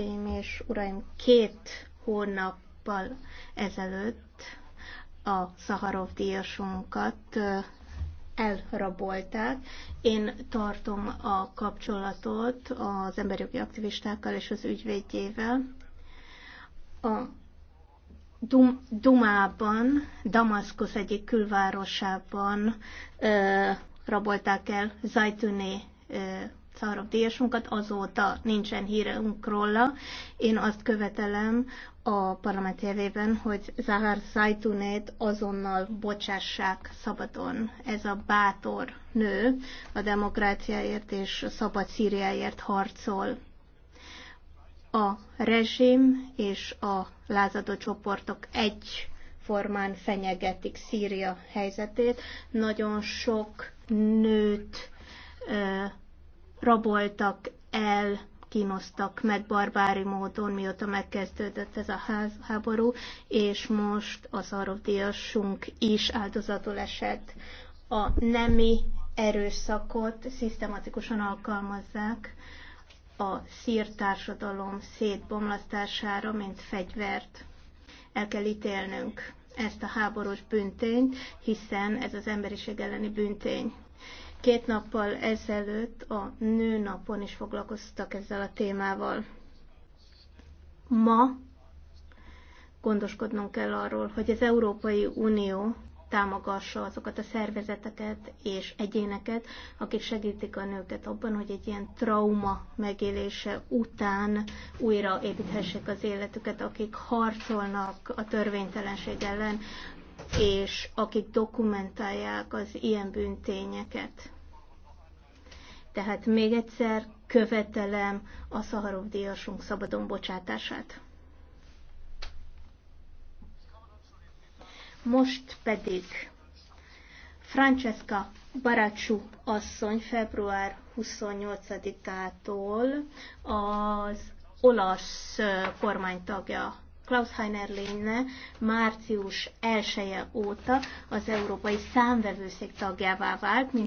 hölgyeim és uraim, két hónappal ezelőtt a Szaharov díjasunkat elrabolták. Én tartom a kapcsolatot az emberjogi aktivistákkal és az ügyvédjével. A Dum- Dumában, Damaszkusz egyik külvárosában ö, rabolták el Zajtuné Szaharov díjasunkat, azóta nincsen hírünk róla. Én azt követelem a parlament évében, hogy Zahar Zajtunét azonnal bocsássák szabadon. Ez a bátor nő a demokráciáért és a szabad Szíriáért harcol a rezsim és a lázadó csoportok egy formán fenyegetik Szíria helyzetét. Nagyon sok nőt raboltak el, kínoztak meg barbári módon, mióta megkezdődött ez a háború, és most az arovdiasunk is áldozatul esett. A nemi erőszakot szisztematikusan alkalmazzák a szír társadalom szétbomlasztására, mint fegyvert. El kell ítélnünk ezt a háborús büntényt, hiszen ez az emberiség elleni büntény. Két nappal ezelőtt a nőnapon is foglalkoztak ezzel a témával. Ma gondoskodnunk kell arról, hogy az Európai Unió támogassa azokat a szervezeteket és egyéneket, akik segítik a nőket abban, hogy egy ilyen trauma megélése után újra építhessék az életüket, akik harcolnak a törvénytelenség ellen, és akik dokumentálják az ilyen bűntényeket. Tehát még egyszer követelem a Szaharov díjasunk szabadon bocsátását. Most pedig Francesca Baracsú asszony február 28-ától az olasz kormánytagja Klaus Heiner lénye március 1 -e óta az Európai Számvevőszék tagjává vált, mint